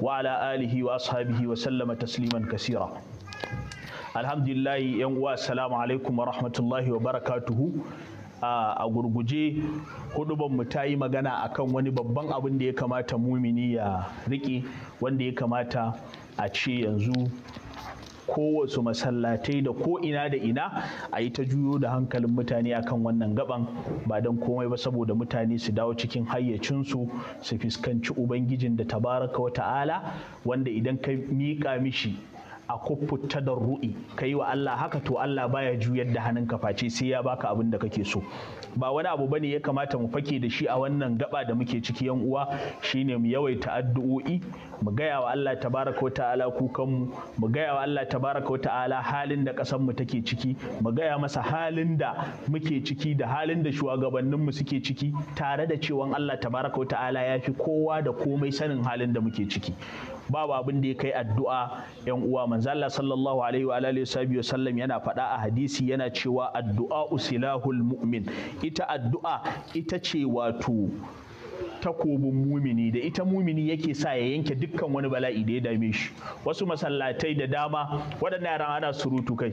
wa ala alihi wa ashabihi wa sallama tasliman kasira alhamdulillah yan uwa assalamu alaikum wa rahmatullahi wa barakatuhu a gurguje huduban ta yi magana a kan wani babban abin da ya kamata mumini ya riƙe wanda ya kamata a ce yanzu kowace masallatai da ko ina da ina a yi ta juyo da hankalin mutane akan wannan gaban ba don komai ba saboda mutane su dawo cikin hayyacinsu su fuskanci ubangijin da tabaraka wa ta'ala wanda idan ka miƙa mishi a kuffuta da ru'i ka yi wa Allah haka to Allah baya juyar da hannun face sai ya baka abin da kake so ba wani abu bane ya kamata mu fake da shi a wannan gaba da muke ciki yan uwa shine mu yawaita addu'o'i mu gaya wa Allah tabaraka wa ta'ala kukan mu gaya wa Allah tabaraka wa ta'ala halin da kasan mu take ciki mu gaya masa halin da muke ciki da halin da shugabannin mu suke ciki tare da cewa Allah tabaraka wa ta'ala ya fi kowa da komai sanin halin da muke ciki babu abin da ya kai addu'a yan uwa manzo sallallahu alaihi wa alihi wa sallam yana faɗa a hadisi yana cewa addu'a usilahul mu'min ita addu'a ita ce wato takobin mumini da ita mumini yake sa ya yanke dukkan wani bala'i da ya dame shi wasu masallatai da dama waɗannan yaran ana surutu kai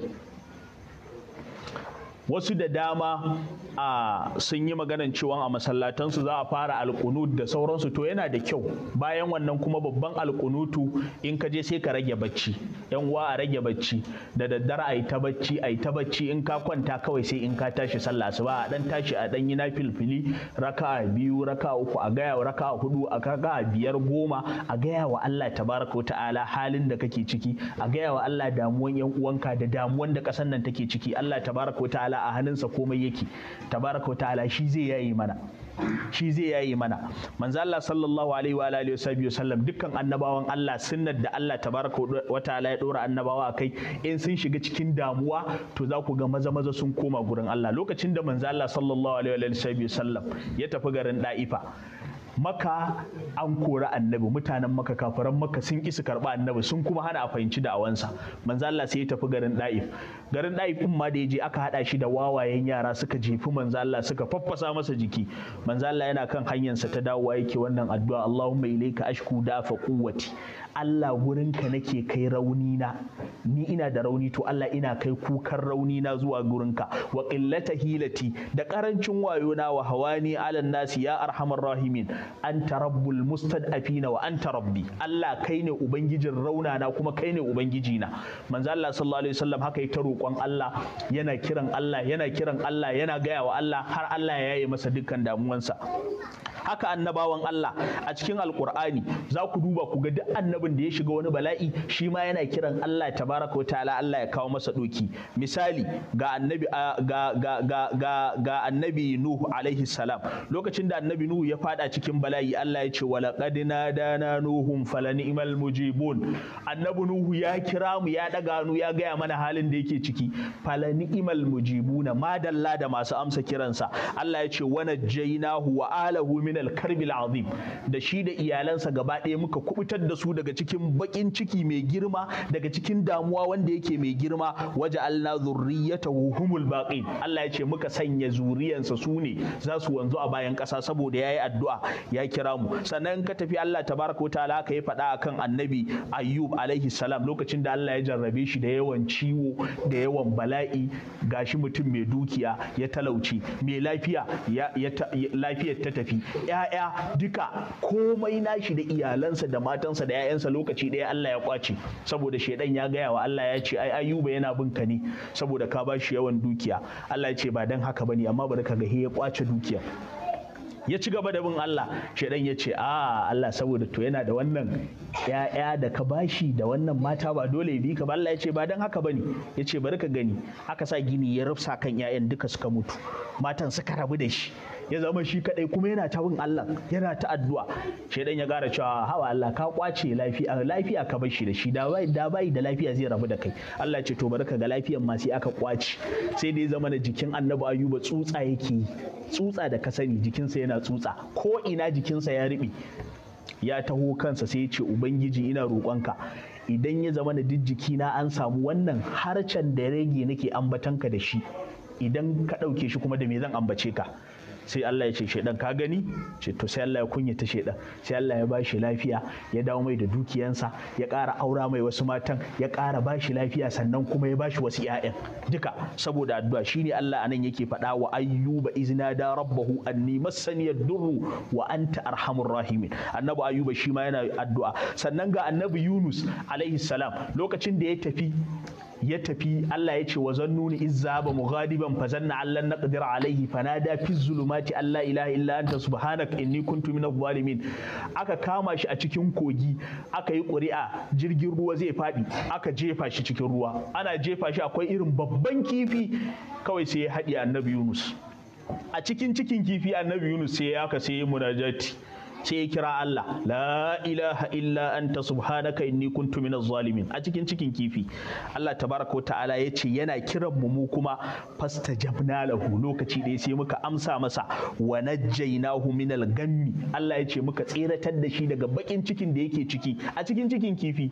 wasu da dama a sun yi maganan cewa a masallatansu za a fara alkunut da sauransu to yana da kyau bayan wannan kuma babban alkunutu in ka je sai ka rage bacci yan uwa a rage bacci da daddare a yi ta bacci a ta bacci in ka kwanta kawai sai in ka tashi sallah asuba a dan tashi a dan yi na filfili rakaa biyu raka uku a gaya raka hudu a raka biyar goma a gaya wa Allah tabaraka ta'ala halin da kake ciki a gaya wa Allah damuwan yan uwanka da damuwan da kasan nan take ciki Allah tabaraka ta'ala Allah a hannunsa komai yake tabaraka ta'ala shi zai yayi mana shi zai yayi mana manzo Allah sallallahu alaihi wa alihi wa sallam dukkan annabawan Allah sunnar da Allah tabaraka wa ta'ala ya dora annabawa akai in sun shiga cikin damuwa to za ku ga maza maza sun koma gurin Allah lokacin da manzo Allah sallallahu alaihi wa sallam ya tafi garin Da'ifa maka an kori annabi mutanen maka kafaran maka sun ƙi su karɓa annabi sun kuma hana a fahimci da'awansa manzo Allah sai ya tafi garin Da'if garin ɗa'ifin ma da ya je aka haɗa shi da wawayen yara suka jefi manzo Allah suka faffasa masa jiki manzo Allah yana kan hanyarsa ta dawowa yake wannan addu'a Allahumma ilayka ashku dafa quwwati Allah gurinka nake kai rauni na ni ina da rauni to Allah ina kai kukan rauni na zuwa gurinka wa qillata hilati da karancin wayo na wa hawani alan nasi ya arhamar rahimin anta rabbul mustad'afina wa anta rabbi Allah kai ne ubangijin rauna na kuma kai ne ubangiji na manzo Allah sallallahu alaihi wasallam haka ya taro roƙon Allah yana kiran Allah yana kiran Allah yana gaya wa Allah har Allah ya yi masa dukkan damuwansa haka annabawan Allah a cikin alkur'ani za ku duba ku ga duk annabin da ya shiga wani bala'i shi ma yana kiran Allah tabaraka ta'ala Allah ya kawo masa doki misali ga annabi ga ga ga annabi Nuhu alaihi salam lokacin da annabi Nuhu ya fada cikin bala'i Allah ya ce walaqad nadana nuhum falani'mal mujibun annabi Nuhu ya kira mu ya daga nu ya gaya mana halin da yake ciki falani'mal mujibuna madalla da masu amsa kiransa Allah ya ce wana jainahu wa alahu min al-karbil azim da shi da iyalansa gaba ɗaya muka kubutar da su daga cikin bakin ciki mai girma daga cikin damuwa wanda yake mai girma waje alna zurriyatahu humul baqin Allah ya ce muka sanya zuriyansa su ne za su wanzu a bayan ƙasa saboda yayi addu'a ya kira mu sannan ka tafi Allah tabaraka wa ta'ala ka yi faɗa akan annabi Ayyub alaihi salam lokacin da Allah ya jarrabe shi da yawan ciwo da yawan bala'i gashi mutum mai dukiya ya talauci mai lafiya lafiyar ta tafi ‘ya'ya duka komai nashi da iyalansa da matansa da ‘ya'yansa lokaci ɗaya Allah ya kwace saboda shaidan ya gaya wa Allah ya ce ai ayuba yana bin ka ne saboda ka ba shi yawan dukiya Allah ya ce ba dan haka bane amma bari ka ga ya kwace dukiya ya ci gaba da bin Allah shaidan ya ce a Allah saboda to yana da wannan ya'ya da ka bashi da wannan mata ba dole bi ka ba Allah ya ce ba dan haka bane ya ce bari ka gani aka sa gini ya rufsa kan 'ya'yan duka suka mutu matan suka rabu da shi ya zama shi kadai kuma yana ta bin Allah yana ta addu'a shedan ya gara cewa hawa Allah ka kwace lafiya lafiya ka bar shi da shi da bai da lafiya zai rabu da kai Allah ce to ka ga lafiyar ma sai aka kwace sai dai zama na jikin Annabi Ayuba tsutsa yake tsutsa da ka sani jikinsa yana tsutsa ko ina jikinsa ya riɓe ya taho kansa sai ya ce ubangiji ina roƙonka idan ya zama da duk jikina an samu wannan harcen da rage nake ambatanka da shi idan ka ɗauke shi kuma da me zan ambace ka sai Allah ya ce shaidan ka gani ce to sai Allah ya kunyata shaidan sai Allah ya ba shi lafiya ya dawo mai da dukiyansa ya ƙara aura mai wasu matan ya ƙara ba shi lafiya sannan kuma ya ba shi wasu ƴaƴan duka saboda addu'a shine Allah anan yake faɗa wa ayyuba izna da rabbahu anni massani durru wa anta arhamur rahimin annabi ayyuba shima yana addu'a sannan ga annabi Yunus alaihi salam lokacin da ya tafi ya tafi Allah ya ce wa izza ba mughadiban fa zanna allan naqdir alaihi nada fi zulumati Allah ilaha illa anta subhanaka inni kuntu minaz zalimin aka kama shi a cikin kogi aka yi ƙuri'a jirgin ruwa zai faɗi aka jefa shi cikin ruwa ana jefa shi akwai irin babban kifi kawai sai ya haɗi annabi Yunus a cikin cikin kifi annabi Yunus sai ya ka sai munajati sai ya kira Allah la ilaha illa anta subhanaka inni kuntu minaz zalimin a cikin cikin kifi Allah tabaraka ta'ala ya ce yana kiran mu mu kuma fastajabna lahu lokaci da sai muka amsa masa wa najjaynahu minal gammi Allah ya ce muka tseratar da shi daga bakin cikin da yake ciki a cikin cikin kifi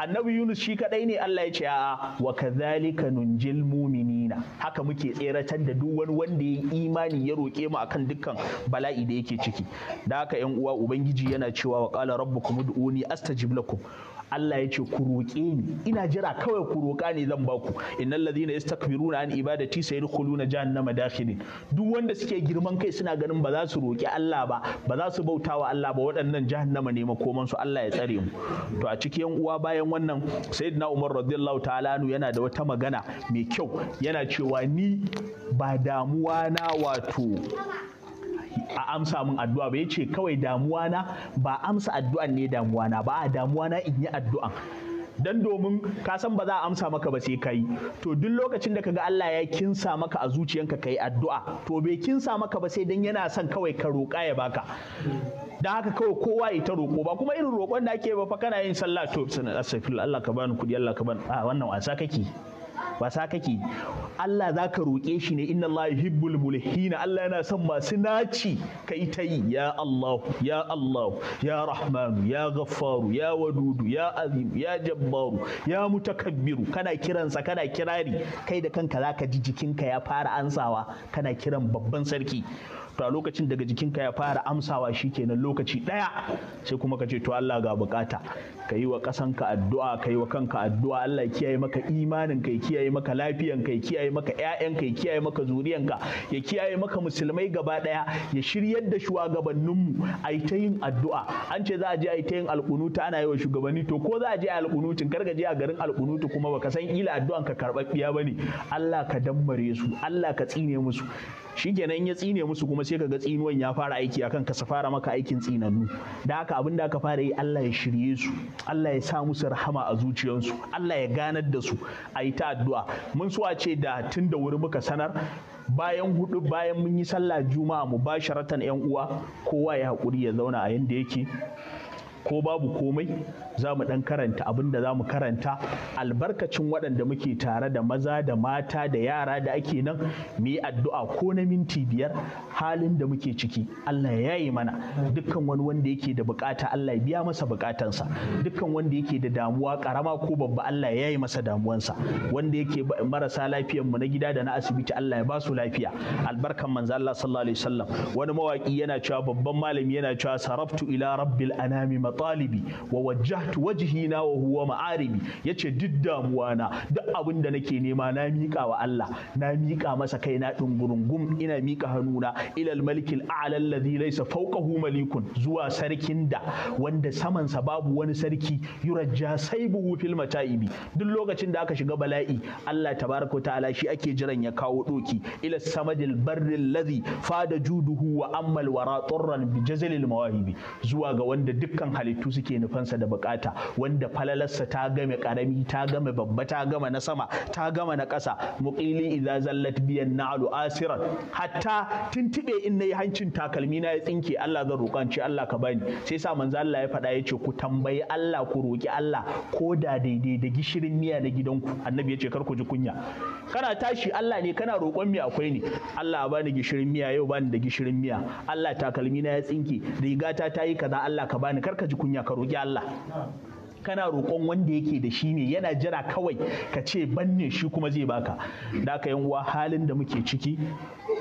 annabi Yunus shi kadai ne Allah ya ce a'a wa kadhalika nunjil mu'minina haka muke tseratar da duk wani wanda ya imani ya roke mu akan dukkan bala'i da yake ciki da haka yan yan uwa ubangiji yana cewa wa qala rabbukum ud'uni astajib lakum Allah ya ce ku roƙe ni ina jira kawai ku roƙa ne zan baku innal Kabiru na an ibadati sayadkhuluna jahannama dakhilin duk wanda suke girman kai suna ganin ba za su roƙi Allah ba ba za su bautawa Allah ba waɗannan jahannama ne koman su Allah ya tsare mu to a cikin 'yan uwa bayan wannan sayyidina Umar radiyallahu ta'ala yana da wata magana mai kyau yana cewa ni ba damuwa na wato a amsa min addu'a ba ce kawai damuwa na ba amsa addu'an ne damuwa na ba damuwa na in yi addu'an dan domin ka san ba za a amsa maka ba sai kai to duk lokacin da kaga Allah ya kinsa maka a zuciyanka kai addu'a to bai kinsa maka ba sai dan yana son kawai ka roƙa ya baka dan haka kawai kowa ya ta roƙo ba kuma irin roƙon da ake ba fa kana yin sallah to astaghfirullah Allah ka bani kudi Allah ka bani a wannan wasa kake wasa kake Allah za ka roƙe shi ne inna Allah yuhibbul mulhina Allah yana son masu naci ka yi ta yi ya Allah ya Allah ya Rahmanu ya Ghaffaru ya Wadudu ya Azim ya Jabbaru ya Mutakabbiru kana kiransa kana kirari kai da kanka za ka ji jikinka ya fara ansawa kana kiran babban sarki to a lokacin daga jikinka ya fara amsawa shikenan lokaci daya sai kuma ka ce to Allah ga bukata ka yi wa ƙasanka addu'a ka yi wa kanka addu'a Allah kiyaye maka imanin kai kiyaye maka lafiyan kai kiyaye maka ƴaƴan ka kiyaye maka zuriyanka ya kiyaye maka musulmai gaba ɗaya ya shiryar da shugabanninmu mu ai ta yin addu'a an ce za a je ai ta yin alƙunuta ana yi wa shugabanni to ko za a je alƙunutin kar ka je a garin alƙunutu kuma baka san ila addu'an ka karɓaɓɓiya ne. Allah ka dammare su Allah ka tsine musu shi shikenan ya tsine musu kuma sai ka ga tsinuwan ya fara aiki akan ka fara maka aikin tsinannu da haka abin da aka fara yi Allah ya shirye su Allah ya sa musu rahama a zuciyarsu Allah ya ganar da su a yi ta addu'a mun so a ce da tun da wuri muka sanar bayan hudu bayan mun yi sallah juma'a mu ba sharatan yan uwa kowa ya haƙuri ya zauna a yanda yake ko babu komai za mu ɗan karanta abin da za mu karanta albarkacin waɗanda muke tare da maza da mata da yara da ake nan mu yi addu'a ko na minti biyar halin da muke ciki Allah ya yi mana dukkan wani wanda yake da bukata Allah ya biya masa bukatansa dukkan wanda yake da damuwa karama ko babba Allah ya yi masa damuwansa wanda yake marasa lafiyan mu na gida da na asibiti Allah ya ba su lafiya albarkan manzo Allah sallallahu alaihi wasallam wani mawaki yana cewa babban malami yana cewa saraftu ila rabbil anami matalibi wa wajjah wajahtu wajhina wa huwa ma'aribi yace duk damuwa na duk abin da nake nema na miƙa wa Allah na miƙa masa kai na dungurungum ina miƙa hannuna ilal malikil a'la alladhi laysa fawqahu malikun zuwa sarkin da wanda samansa babu wani sarki yurajja saibuhu fil mata'ibi duk lokacin da aka shiga bala'i Allah tabaraka ta'ala shi ake jiran ya kawo doki ila samadil barril ladhi fada juduhu wa ammal wara turran bi jazalil mawahibi zuwa ga wanda dukkan halittu suke nufansa da baka bukata wanda falalarsa ta game karami ta game babba ta game na sama ta game na ƙasa muqili idza zallat biyan na'lu asiran hatta tuntube in nayi hancin takalmi na ya tsinke Allah zan roƙa ce Allah ka bani sai sa manzo Allah ya faɗa yace ku tambayi Allah ku roƙi Allah ko da daidai da gishirin miya na gidanku annabi ya ce kar ku ji kunya kana tashi Allah ne kana roƙon mi akwai ne Allah bani gishirin miya yau bani da gishirin miya Allah takalmi na ya tsinke rigata ta yi kaza Allah ka bani kar ka ji kunya ka roƙi Allah Gracias. kana roƙon wanda yake da shi ne yana jira kawai ka ce banne shi kuma zai baka da ka yan uwa halin da muke ciki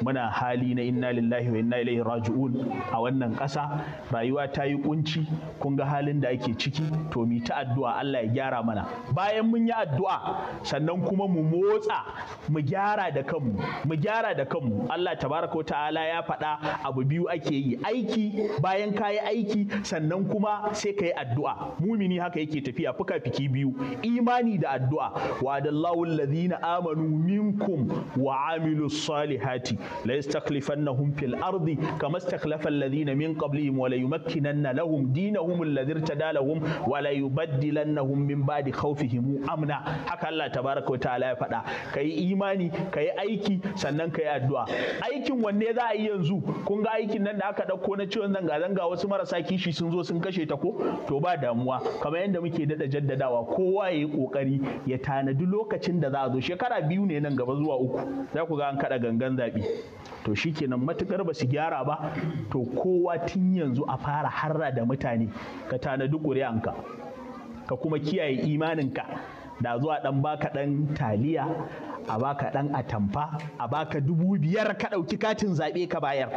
muna hali na inna lillahi wa inna ilaihi raji'un a wannan ƙasa rayuwa ta yi kunci kun ga halin da ake ciki to mi ta addu'a Allah ya gyara mana bayan mun yi addu'a sannan kuma mu motsa mu gyara da kanmu mu gyara da kanmu Allah tabaraka wa ta'ala ya faɗa abu biyu ake yi aiki bayan kayi aiki sannan kuma sai ka addu'a mumini haka yake yake tafiya fuka-fiki biyu imani da addu'a wadallahu alladhina amanu minkum wa amilu salihati la yastaklifannahum fil ardi kama istakhlafa alladhina min kabli wa la yumakkinanna lahum dinahum alladhi irtada lahum wa la yubaddilannahum min ba'di khawfihim amna haka Allah tabaraka wa ta'ala ya faɗa yi imani yi aiki sannan yi addu'a aikin wanne za a yi yanzu kun ga aikin nan da aka ɗauko na ciwon zanga-zanga wasu marasa kishi sun zo sun kashe ta ko to ba damuwa kamar yadda muke daɗa jaddadawa kowa ya yi ƙoƙari ya tanadi lokacin da za a zo shekara biyu ne nan gaba zuwa uku za ku ga an kaɗa gangan zaɓe to shikenan matukar ba su gyara ba to kowa tun yanzu a fara harra da mutane ka tanadi ƙuri'anka ka kuma kiyaye imaninka da zuwa dan baka dan taliya a baka dan atamfa a baka dubu biyar ka ɗauki katin zaɓe ka bayar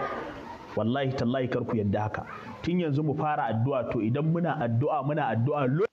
wallahi tallahi kar yadda haka tun yanzu mu fara addu'a to idan muna addu'a muna addu'a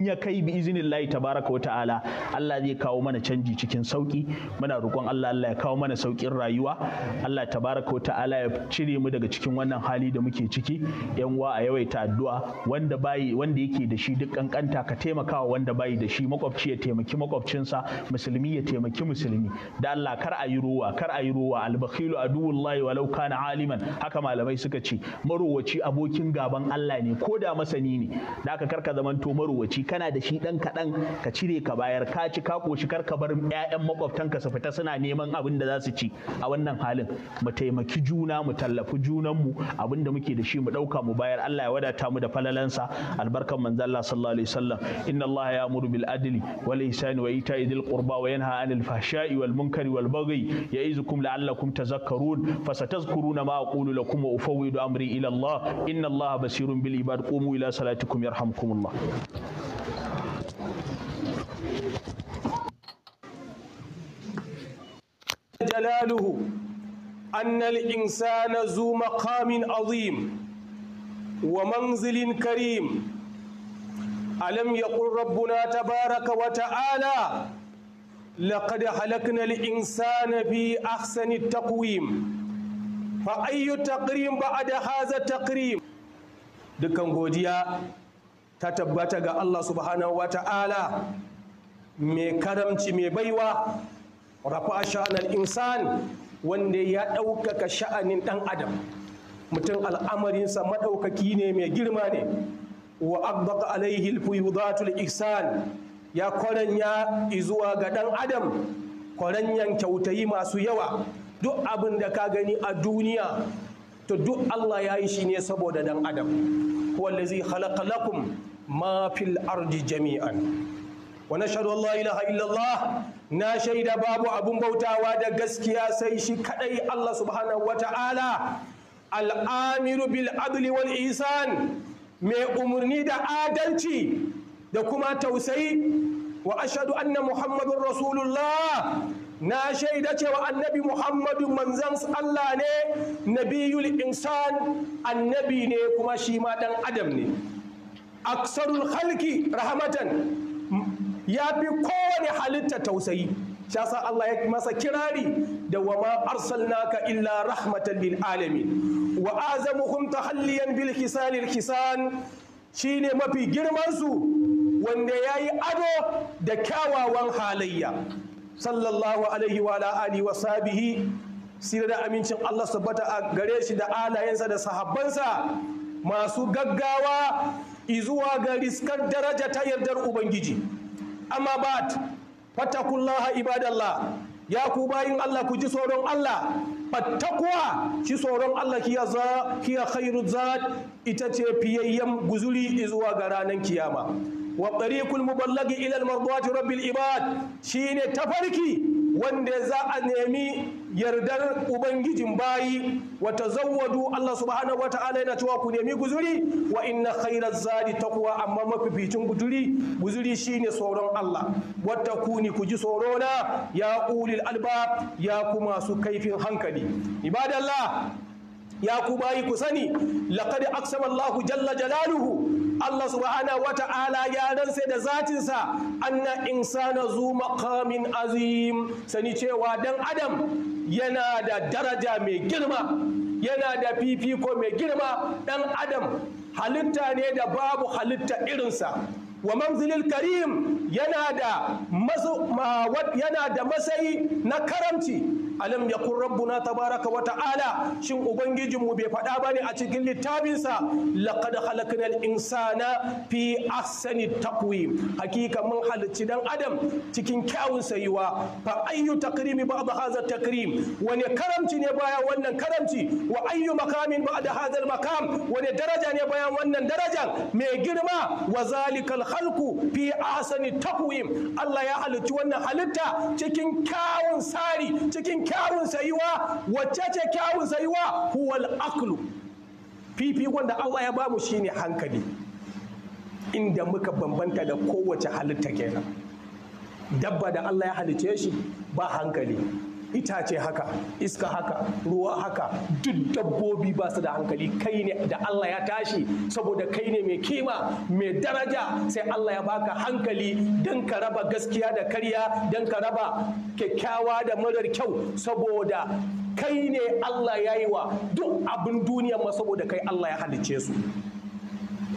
ya kai bi izinin Allah tabaraka wata'ala Allah zai kawo mana canji cikin sauki muna roƙon Allah Allah ya kawo mana saukin rayuwa Allah tabaraka ta'ala ya cire mu daga cikin wannan hali da muke ciki yan uwa a yawaita addu'a wanda bai wanda yake da shi duk kankanta ka taimakawa wanda bayi da shi makwabci ya taimaki makwabcinsa musulmi ya taimaki musulmi da Allah kar a yi ruwa kar a yi ruwa albakhilu aduwullahi walau kana aliman haka malamai suka ce marowaci abokin gaban Allah ne ko da masani ne da aka karka zamanto marowaci kana da shi dan kaɗan ka cire ka bayar ka ci ka koshi kar ka bar ya'yan makwabtanka su fita suna neman abin da za su ci a wannan halin mu taimaki juna mu tallafi junanmu abin da muke da shi mu ɗauka mu bayar Allah ya wadata mu da falalansa albarkan manzo Allah sallallahu alaihi wasallam inna Allah ya'muru bil adli wal ihsani wa ita'i dhil qurba wa yanha 'anil fahsha'i wal munkari wal baghi ya'izukum la'allakum tazakkarun fasatazkuruna ma aqulu lakum wa ufawwidu amri ila Allah inna Allah basirun bil ibad qumu ila salatikum yarhamkumullah جلاله أن الإنسان ذو مقام عظيم ومنزل كريم ألم يقل ربنا تبارك وتعالى لقد خلقنا الإنسان في أحسن التقويم فأي تقريم بعد هذا التقريم دكان godiya ta tabbata ga Allah subhanahu wa ta'ala mai karamci mai baiwa rafa sha'anar insan wanda ya ɗaukaka sha'anin ɗan adam mutum al'amarinsa maɗaukaki ne mai girma ne wa abdaka alaihi alfuyudatul ihsan ya kwaranya izuwa ga ɗan adam kwaranyan kyautayi masu yawa duk abin da ka gani a duniya to duk Allah ya yi shi ne saboda ɗan adam wanda zai lakum ما في الأرض جميعا ونشهد أن لا إله إلا الله ناشهد باب أبو بوتا وادا غسكيا سيشي كدي الله سبحانه وتعالى الآمر بالعدل والإحسان mai umarni da adalci da kuma tausayi wa ashadu anna muhammadun rasulullah na shaida cewa annabi muhammadu manzan Allah ne nabiyul insan annabi ne kuma shi ma dan adam ne aksarul halki rahmatan ya fi kowane halitta tausayi sha sa Allah ya masa kirari da wa ma arsalnaka illa rahmatan lil alamin wa azamuhum tahalliyan bil hisalil hisan shine mafi girman su wanda yayi ado da kyawawan halayya sallallahu alaihi wa alihi wa sahbihi sirri da amincin Allah tabbata a gare shi da alayensa da sahabbansa masu gaggawa izuwa ga riskar daraja ta yardar ubangiji amma bat fatakullaha ibadallah ya ku bayin Allah ku ji tsoron Allah kuwa shi tsoron Allah kiya za kiya khairu zat ita ce fiyayyen guzuri izuwa ga ranar kiyama wa tariqul ilal ila al mardati rabbil ibad shine tafarki wanda za a nemi yardar ubangijin bayi wata zawadu Allah subhanahu wataala yana cewa ku nemi guzuri wa inna khairaz zadi kuwa amma mafificin guzuri guzuri shine tsoron Allah wattakuni ku ji tsoro na ya ulil alba, ya kuma su kaifin hankali ibadallah ya ku bayi ku sani laqad aqsama Allahu jalla jalaluhu Allah subhanahu wata'ala ya rantse da zatinsa anna insana zu maqamin azim sani cewa dan adam yana da daraja mai girma yana da fifiko mai girma dan adam halitta ne da babu halitta irinsa wa manzilil karim yana da yana da na karamci alam yakun rabbuna tabaraka wa ta'ala shin ubangijinmu bai faɗa bane a cikin littafinsa laqad khalaqnal insana fi ahsani taqwim hakika mun halicci dan adam cikin kyawun sayuwa fa ayyu takrimi ba'da hadha takrim wani karamci ne baya wannan karamci wa ayyu makamin ba'da hadha makam wani daraja ne bayan wannan darajan mai girma wa zalikal khalqu fi ahsani taqwim Allah ya halicci wannan halitta cikin kyawun sari cikin kyawun sayuwa wacce ce kyawun sayuwa huwal aklu fifikon da Allah ya bamu shine hankali inda muka bambanta da kowace halitta kenan dabba da Allah ya halice shi ba hankali itace haka iska haka ruwa haka duk dabbobi ba su da hankali kai ne da Allah ya tashi saboda kai ne mai kima mai daraja sai Allah ya baka hankali don ka raba gaskiya da karya don ka raba kyakkyawa da marar kyau saboda kai ne Allah ya yi wa duk abin duniya ma saboda kai Allah ya halicce su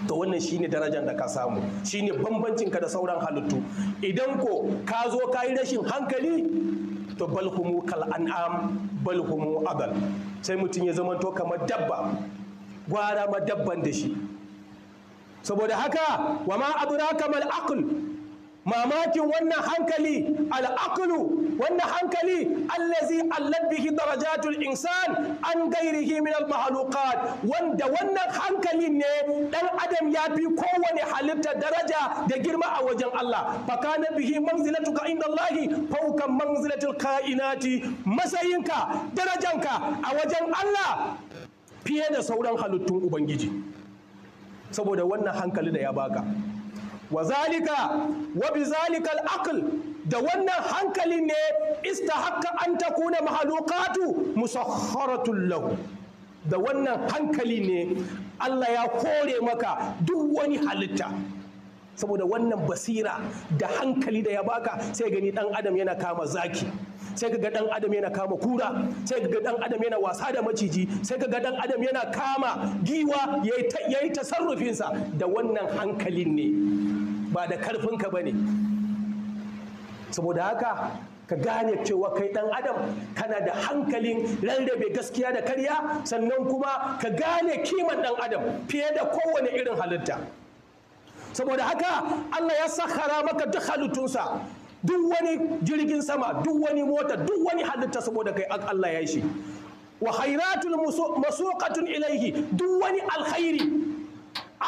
to wannan shine darajar da ka samu shine bambancinka ka da sauran halittu idan ko ka zo ka yi rashin hankali to balhumu kal an'am balhumu adal sai mutum ya zama to kamar dabba gwara ma dabban da shi saboda haka wa ma adraka kamar aql mamakin wannan hankali al'aqlu wannan hankali allazi allat bihi darajatul insan an gairihi min al mahluqat wanda wannan hankali ne dan adam ya fi kowane halitta daraja da girma a wajen Allah Bakana kana bihi ka inda Allah fawqa manzilatil kainati masayinka darajanka a wajen Allah fiye da sauran halittun ubangiji saboda wannan hankali da ya baka wa zalika wa bi zalikal aql da wannan hankalin ne istahaqqa an takuna mahalukatu musakharatun lahu da wannan hankali ne Allah ya kore maka duk wani halitta saboda wannan basira da hankali da ya baka sai gani dan adam yana kama zaki sai ga dan adam yana kama kura sai ga dan adam yana wasa da maciji sai ga dan adam yana kama giwa yayi tasarrufinsa da wannan hankalin ne ba da karfinka ba ne saboda haka ka gane cewa kai dan adam kana da hankalin rarrabe gaskiya da karya sannan kuma ka gane kiman dan adam fiye da kowane irin halitta saboda haka allah ya sakhara maka duk halittunsa duk wani jirgin sama duk wani mota duk wani halitta saboda kai allah ya shi wa khairatul masuqatun ilaihi duk wani alkhairi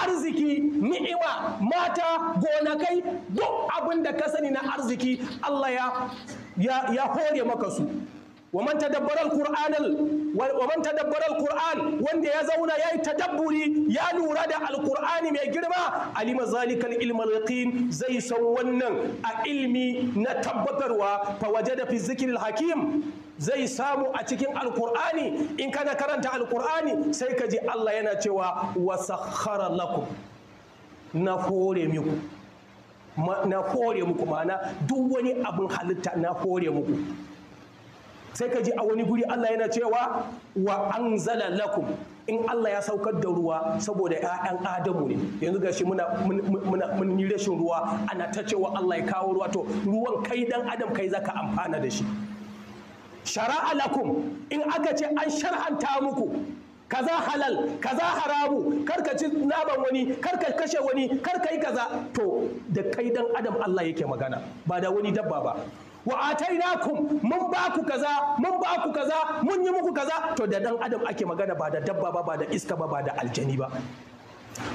arziki ni'ima mata gonakai duk abin da ka sani na arziki Allah ya hore maka su ومن تدبر القرآن ال... ومن تدبر القرآن wanda ya zauna yayi tadabburi ya lura da Alkur'ani mai girma alima zalikal ilm yaqin zai san wannan a ilimi na tabbatarwa fa wajada fi zikril hakim zai samu a cikin alkur'ani in kana karanta alkur'ani sai ka ji Allah yana cewa wasakhara lakum na kore muku na kore muku ma'ana duk wani abin halitta na kore muku sai ka ji a wani guri Allah yana cewa wa anzala lakum in Allah ya saukar da ruwa saboda ‘ya'yan Adamu ne yanzu gashi muna mun yi rashin ruwa ana ta cewa Allah ya kawo ruwa to ruwan kai dan Adam kai zaka amfana da shi shara'a lakum in aka ce an shar'anta muku kaza halal kaza haramu karka ci naban wani karka kashe wani karka yi kaza to da kai dan adam Allah yake magana ba da wani dabba ba wa atainakum mun ba ku kaza mun ba ku kaza mun yi muku kaza to da dan adam ake magana ba da dabba ba ba da iska ba ba da aljani ba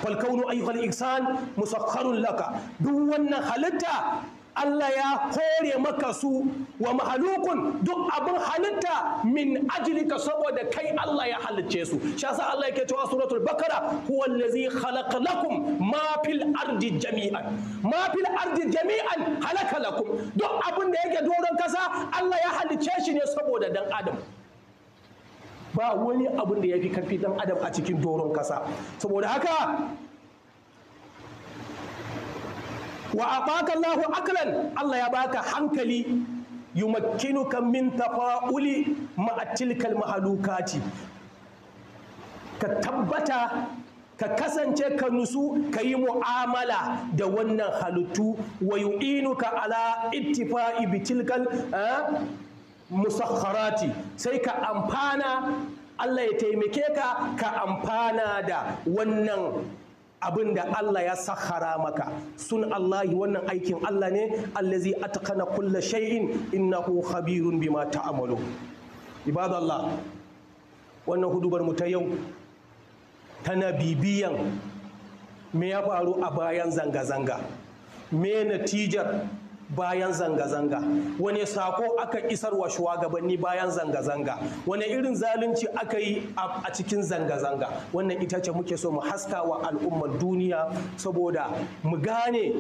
fal kaunu ayyuhal insan musakharun laka duk wannan halitta Allah ya hore maka su wa mahalukun duk abin halitta min ajlika saboda kai Allah ya halicce su shi yasa Allah yake cewa suratul bakara huwa allazi khalaqa lakum ma fil ardi jami'an ma fil ardi jami'an halaka lakum duk abin da yake doron kasa Allah ya halicce shi ne saboda dan adam ba wani abin da ya fi karfi dan adam a cikin doron kasa saboda haka wa baka Allahu aklan Allah ya baka hankali yumakkinuka min tafa'uli ma'a tilkal mahalukati ka tabbata ka kasance ka nusu ka yi mu'amala da wannan halittu wa yu'inuka ala ittifa'i bitilkal musakharati sai ka amfana Allah ya taimake ka ka amfana da wannan abin da Allah ya sahara maka sun Allahi wannan aikin Allah ne allazi atqana kulla shay'in innahu khabirun bima ta'malu ibadallah wannan hudubar mu ta yau tana bibiyan me ya faru a bayan zanga-zanga me natijar bayan zanga-zanga wani sako aka isarwa shugabanni bayan zanga-zanga wani irin zalunci aka yi a cikin zanga-zanga wannan ita ce muke so mu haska wa al'ummar duniya saboda mu gane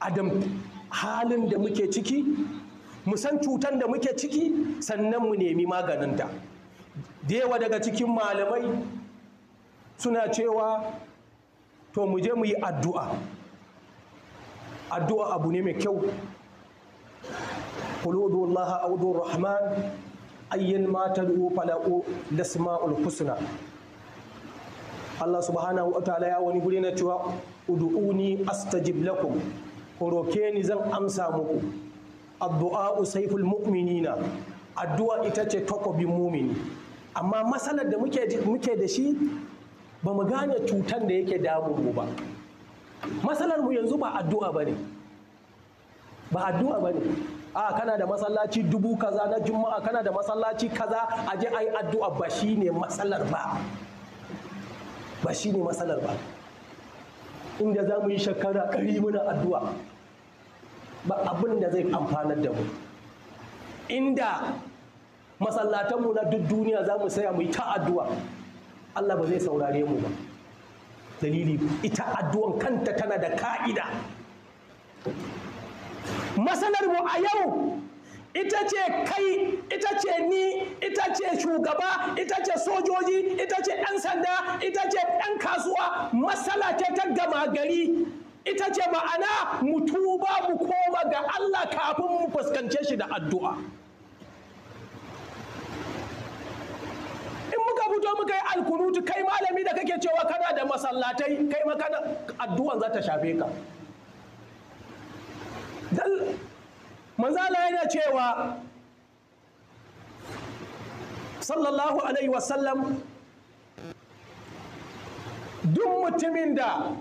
adam halin da muke ciki mu san cutar da muke ciki sannan mu nemi maganinta da yawa daga cikin malamai suna cewa to mu je mu yi addu'a addu'a abu ne mai kyau قل ادعوا الله او ادعوا الرحمن ايا ما تدعوا فله الاسماء الحسنى Allah subhanahu wa ta'ala ya wani guri na cewa ud'uni astajib lakum ku ni zan amsa muku addu'a saiful mu'minina addu'a ita ce takobin mumini amma matsalar da muke da shi ba mu gane cutan da yake damu ba matsalar mu yanzu ba addu'a ba ne ba addu'a bane a kana da masallaci dubu kaza na juma'a kana da masallaci kaza a je ai addu'a ba shine matsalar ba ba shine matsalar ba inda za mu yi shakkara ƙari muna addu'a ba abin da zai amfanar da mu inda masallatanmu na duk duniya za mu saya mu yi ta addu'a Allah ba zai saurare mu ba dalili ita addu'an kanta tana da ka'ida mu a yau ita ce kai ita ce ni ita ce shugaba ita ce sojoji ita ce 'yan sanda ita ce 'yan kasuwa matsala ce ta gama gari ita ce ma'ana mu tuba mu koma ga Allah kafin mu fuskance shi da addu'a in muka fito muka yi alkunutu kai malami da kake cewa kana da masallatai kai ma kana addu'an za ta shafe ka manzala yana cewa sallallahu alaihi wasallam duk mutumin da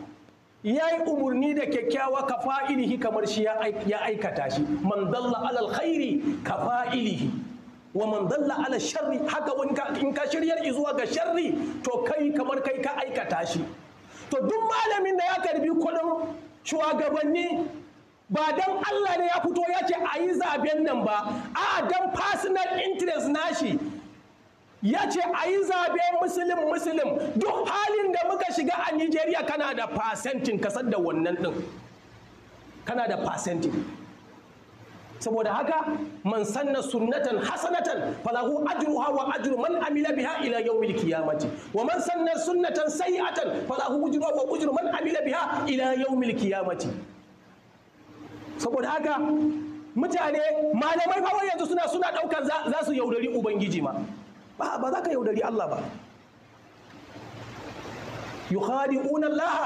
ya yi umarni da kyakkyawa ka fa'ilihi kamar shi ya aikata shi man dalla alal khairi ka fa'ilihi wa man dalla alal sharri haka in ka shiryar zuwa ga sharri to kai kamar kai ka aikata shi to duk malamin da ya karbi kudin shugabanni ba don Allah ne ya fito ya ce a yi zaben nan ba a don personal interest nashi ya ce a yi zabe musulun musulun duk halin da muka shiga a nigeria kana da fasentin kasar da wannan din? kana da fasentin saboda haka man sanna sunnatan hasanatan falahu ajruha wa ajru man amila biha ila yawmil qiyamati wa man sanna sunnatan sayi'atan falahu ajruha wa ajru man amila biha ila yawmil qiyamati saboda haka mutane malamai fa yanzu suna suna ɗaukar za su yaudari ubangiji ma ba ba za ka yaudari Allah ba يخادعون الله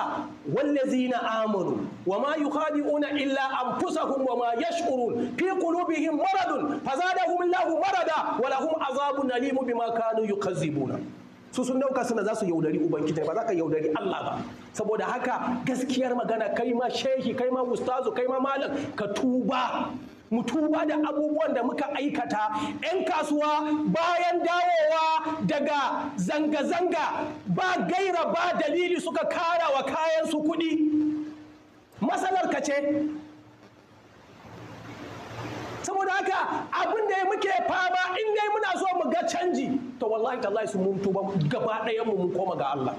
والذين آمنوا وما يخادعون إلا أنفسهم وما يشعرون في قلوبهم مرض فزادهم الله مرضا ولهم عذاب أليم بما كانوا يكذبون su sun dauka suna za su yaudari ubangiji ba za ka yaudari Allah ba saboda haka gaskiyar magana kai ma shehi kai ma ustazu kai ma malam ka tuba mu tuba da abubuwan da muka aikata 'yan kasuwa bayan dawowa daga zanga-zanga ba gaira ba dalili suka kara wa kayan su kuɗi matsalar ka ce saboda haka abin da muke fama in dai muna so mu ga canji to wallahi Allah su mun tuba gaba ɗayan mu mun koma ga Allah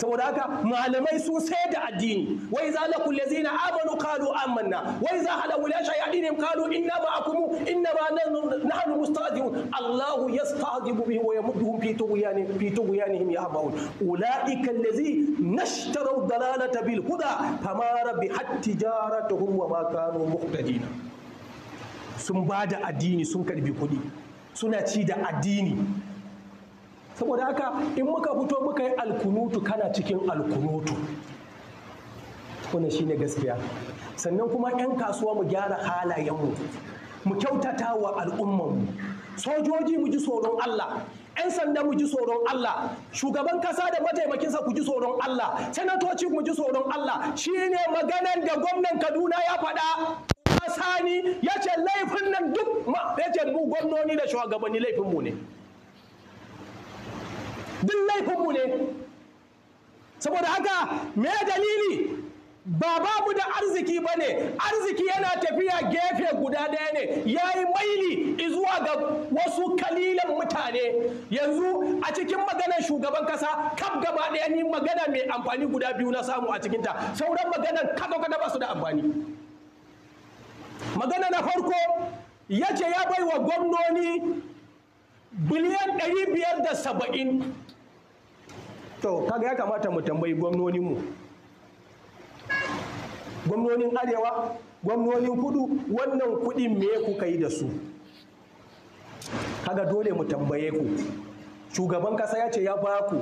saboda haka malamai sun sai da addini wa iza laqul ladzina amanu qalu amanna wa iza halu ila shayadinihim qalu inna ma'akum inna ma nahnu mustahzi'un Allahu yastahzibu bihi wa yamudduhum fi tughyanihim fi tughyanihim ya'mahun ulaika allazina ashtaraw dalalata bil huda fama rabihat tijaratuhum wa ma kanu muhtadin sun bada addini sun karbi kuɗi suna ci da addini saboda haka in muka fito muka yi alkunutu kana cikin alkunutu wannan shine gaskiya sannan kuma 'yan kasuwa mu gyara halayenmu mu kyautata wa al'ummanmu sojoji mu ji tsoron Allah 'yan sanda mu ji tsoron Allah shugaban kasa da mataimakinsa ku ji tsoron Allah sanatoci mu ji tsoron Allah shine maganan da gwamnan Kaduna ya faɗa Sani ya ce laifin nan duk ya ce mu gwamnoni da shugabanni laifin mu ne. duk laifinmu ne saboda haka me dalili ba babu da arziki ba ne arziki yana tafiya gefe guda ɗaya ne ya yi maili zuwa ga wasu kalilan mutane yanzu a cikin maganar shugaban kasa kaf gaba ɗaya ni magana mai amfani guda biyu na samu a cikinta sauran maganar kada ba su da amfani magana na farko ya ce ya bai wa gwamnoni biliyan ɗari biyar da saba'in to kaga ya kamata mu tambayi gwamnoninmu gwamnonin arewa gwamnonin kudu wannan kudin me kuka yi da su kaga dole mu tambaye ku shugaban ƙasa ya ce ya ba ku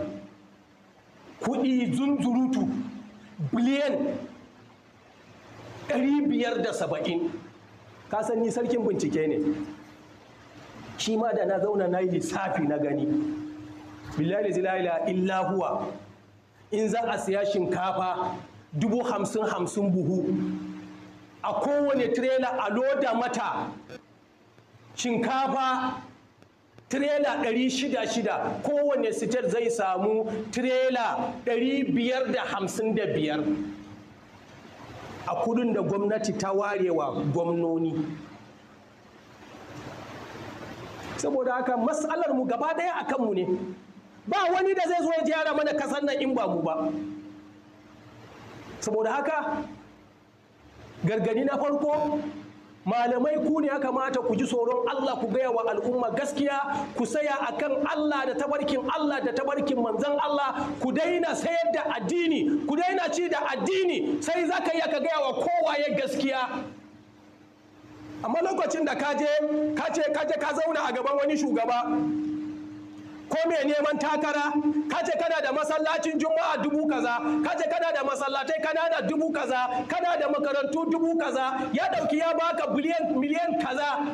kudi zunzurutu biliyan saba'in kasan ni sarkin bincike ne shi ma da na zauna na yi lissafi na gani billahi la illa huwa in za a siya shinkafa dubu hamsin hamsin buhu a kowane tirela a loda mata shinkafa tirela ɗari shida shida kowane sitar zai samu tirela ɗari biyar da hamsin da biyar a kudin da gwamnati ta warewa gwamnoni saboda haka mas'alar mu gaba ɗaya a kanmu ne ba wani da zai zo ya gyara mana kasar nan in ba mu ba saboda haka gargadi na farko malamai ku ne ya kamata ku ji tsoron Allah ku gaya wa al'umma gaskiya ku saya akan Allah da tabarkin Allah da tabarkin manzan Allah ku daina sayar da addini ku daina ci da addini sai zaka iya ka gaya wa kowa ya gaskiya amma lokacin da ka je ka ce ka je ka zauna a gaban wani shugaba ko mai neman takara ka ce kana da masallacin juma'a dubu kaza ka ce kana da masallatai kana da dubu kaza kana da makarantu dubu kaza ya dauki ya baka biliyan miliyan kaza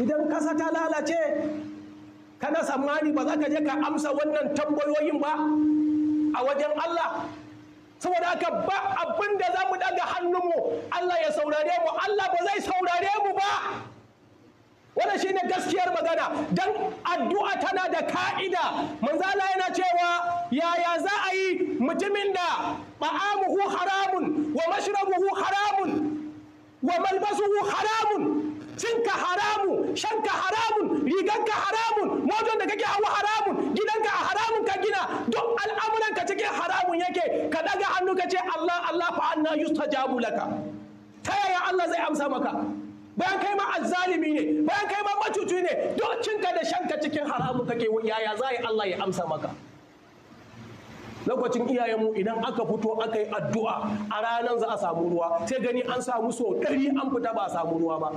idan kasa ta lalace kana tsammani ba za ka je ka amsa wannan tambayoyin ba a wajen Allah saboda haka ba abin da za mu daga hannunmu Allah ya saurare mu Allah ba zai saurare mu ba wannan shine gaskiyar magana dan addu'a tana da ka'ida manzala yana cewa yaya za a yi mutumin da ba'amuhu haramun wa mashirabuhu haramun wa malbasuhu haramun cinka haramu shanka haramun riganka haramun motar da kake hawa haramun gidanka a haramun ka gina duk al'amuran ka cikin haramun yake ka daga hannu ka ce Allah Allah fa anna yustajabu laka ta yaya Allah zai amsa maka bayan kai ma azzalimi ne bayan kai ma macutu ne duk cinka da shanka cikin haramun kake yaya za yi Allah ya amsa maka lokacin iyayenmu idan aka fito aka yi addu'a a ranar za a samu ruwa sai gani an samu so ɗari an fita ba a samu ruwa ba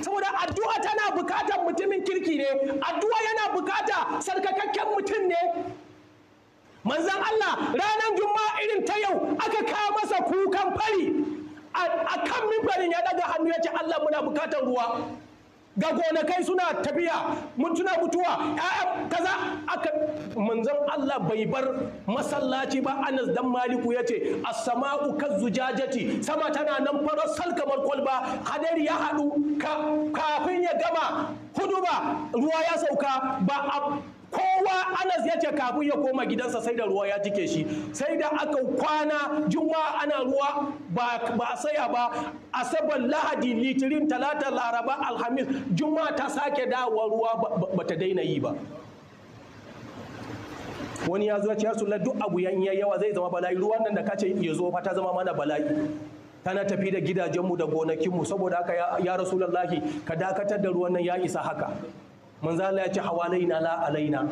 saboda addu'a tana bukatar mutumin kirki ne addu'a yana bukata sarkakakken mutum ne manzan Allah ranar juma'a irin ta yau aka kawo masa kukan fari a kan mimbarin ya daga hannu ya ce Allah muna bukatar ruwa ga gonakai suna tafiya mun mutuwa mutuwa kaza aka manzon Allah bai bar masallaci ba Anas dan Maliku yace as-sama'u kazzujajati sama tana nan sal kamar kwalba hadari ya haɗu kafin ya gama huduba ruwa ya sauka ba kowa anas ya ce kafin ya koma gidansa sai da ruwa ya jike shi sai da aka kwana juma'a ana ruwa ba a saya ba asabar lahadi litirin talata laraba alhamis juma'a ta sake dawa ruwa ba ta daina yi ba wani ya zuwa ciyar sulla duk abu yanya yawa zai zama bala'i ruwan nan da kace ya zo fa ta zama mana bala'i tana tafi da gidajenmu da gonakinmu saboda haka ya rasu lallahi ka dakatar da ruwan nan ya isa haka manzo Allah ya ce hawalaina la alaina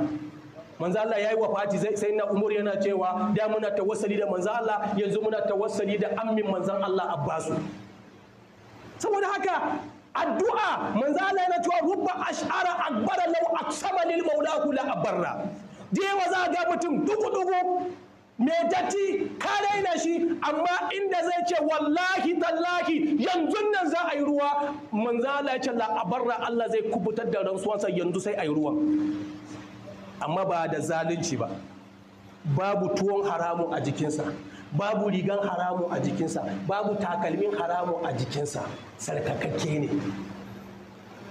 manzo Allah yayi wafati sai na Umar yana cewa da muna tawassali da manzo Allah yanzu muna tawassali da ammin manzon Allah Abbasu saboda haka addu'a manzo Allah yana cewa rubba ash'ara akbara law aqsama lil maula kula abarra da yawa za ga mutum dugu dugu mai datti ka daina shi amma inda zai ce wallahi tallahi yanzu nan za a yi ruwa manzo Allah ya ce la'abarra Allah zai kubutar da rantsuwansa yanzu sai a yi ruwan amma ba da zalunci ba babu tuwon haramu a jikinsa babu rigan haramu a jikinsa babu takalmin haramu a jikinsa sarkakakke ne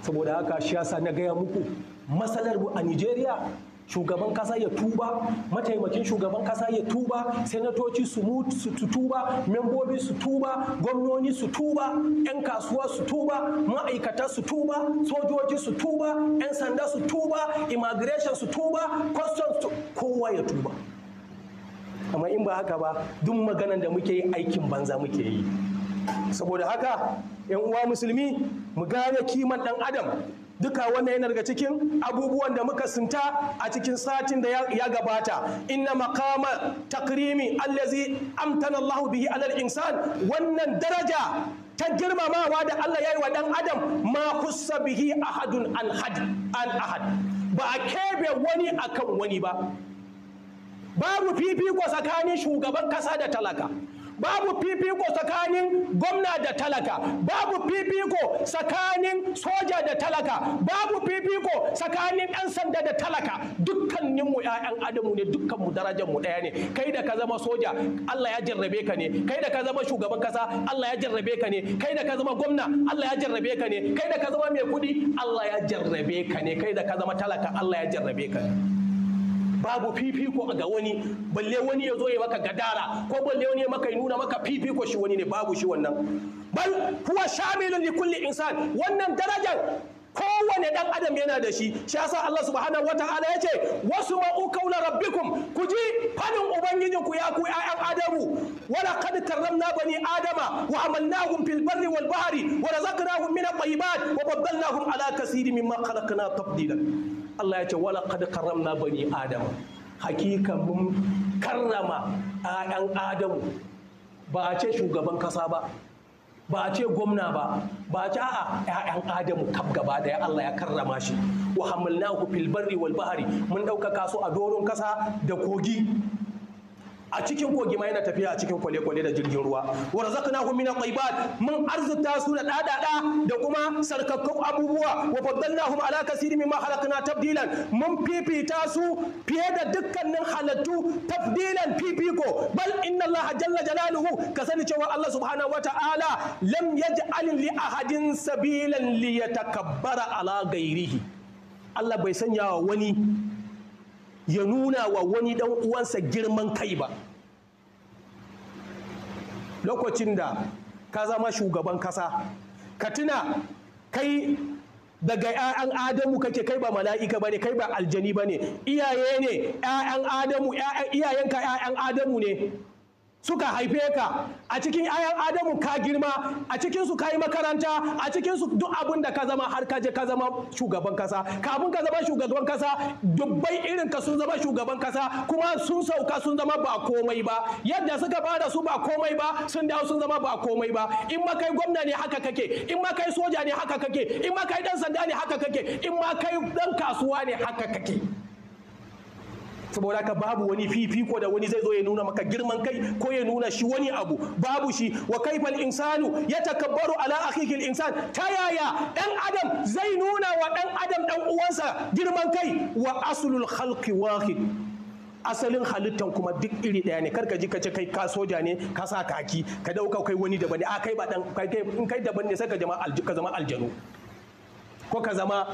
saboda haka shi yasa na gaya muku matsalar mu a Nigeria shugaban kasa ya tuba mataimakin shugaban kasa ya tuba senatoci su mutu tuba membobi su tuba gwamnoni su tuba 'yan kasuwa su tuba ma'aikata su tuba sojoji su tuba 'yan sanda su tuba immigration su tuba customs kowa ya tuba amma in ba haka ba duk maganan da muke yi aikin banza muke yi saboda haka 'yan uwa musulmi mu gane kiman dan adam duka wannan yana daga cikin abubuwan da muka sunta a cikin satin da ya gabata inna maqama takrimi allazi amtana Allahu bihi alal insan wannan daraja ta girmamawa da Allah ya yi wa ɗan adam ma kusa bihi ahadun an ahad ba a kebe wani akan wani ba babu fifiko tsakanin shugaban kasa da talaka babu fifiko tsakanin gwamna da talaka babu fifiko tsakanin soja da talaka babu fifiko tsakanin ɗan sanda da talaka dukkaninmu ‘ya'yan adamu ne dukkanmu mu ɗaya ne kai da ka zama soja Allah ya jarrabe ka ne kai da ka zama shugaban kasa Allah ya jarrabe ka ne kai da ka zama gwamna Allah ya jarrabe ka ne kai da ka zama mai kuɗi Allah ya jarrabe ka ne kai da ka zama talaka Allah ya jarrabe ka ne babu fifiko ga wani balle wani ya zo ya maka gadara ko balle wani ya maka nuna maka fifiko shi wani ne babu shi wannan bal huwa shamilun li kulli insan wannan darajar kowane ɗan adam yana da shi shi yasa Allah subhanahu wataala yace wasu ma'u rabbi rabbikum ku ji fadin ubangijin ku ya ku ƴaƴan adamu wala qad karramna bani adama wa amalnahum fil barri wal bahri wa razaqnahum min at-tayyibat wa faddalnahum ala kaseerin mimma khalaqna tafdila Allah yace wala qad karramna bani adama hakika mun karrama ƴaƴan adamu ba a ce shugaban kasa ba ba a ce gwamna ba ba a ce a'a 'ya'yan adamu kaf gaba daya Allah ya karrama shi wa hamalnahu fil barri wal bahri mun ɗaukaka su a doron kasa da kogi a cikin kogi ma yana tafiya a cikin kwale-kwale da jirgin ruwa wa razaqnahu min at-tayyibat mun arzuta su da dadada da kuma sarkakkun abubuwa wa faddalnahum ala kaseerin mimma khalaqna tabdilan mun fifita su fiye da dukkanin halattu tafdilan fifiko bal inna allaha jalla jalaluhu ka sani cewa Allah subhanahu wata'ala lam yaj'al li ahadin sabilan li yatakabbara ala ghairihi Allah bai sanya wa wani ya nuna wa wani dan uwansa girman kai ba lokacin da ka zama shugaban kasa ka tuna kai daga 'ya'yan adamu kake kai ba mala'ika ne, kai ba aljani ba ne. iyaye ne 'ya'yan adamu iyayenka 'ya'yan adamu ne suka haife ka a cikin ayan adamu ka girma a cikin su kai makaranta a cikin su duk abin da ka zama har ka je ka zama shugaban kasa kafin ka zama shugaban kasa dubbai irin ka sun zama shugaban kasa kuma sun sauka sun zama ba komai ba yadda suka fara su ba komai ba sun dawo sun zama ba komai ba in ma kai gwamna ne haka kake in ma kai soja ne haka kake in ma kai dan sanda ne haka kake in ma kai dan kasuwa ne haka kake saboda haka babu wani fifiko da wani zai zo ya nuna maka girman kai ko ya nuna shi wani abu babu shi wa kaifal insanu ya takabbaru ala akhihi insan ta yaya dan adam zai nuna wa dan adam dan uwansa girman kai wa aslul khalqi wahid asalin halittan kuma duk iri ɗaya ne karka ji ka ce kai ka soja ne ka sa kaki ka dauka kai wani daban ne a kai ba dan kai in kai daban ne sai ka zama aljanu ko ka zama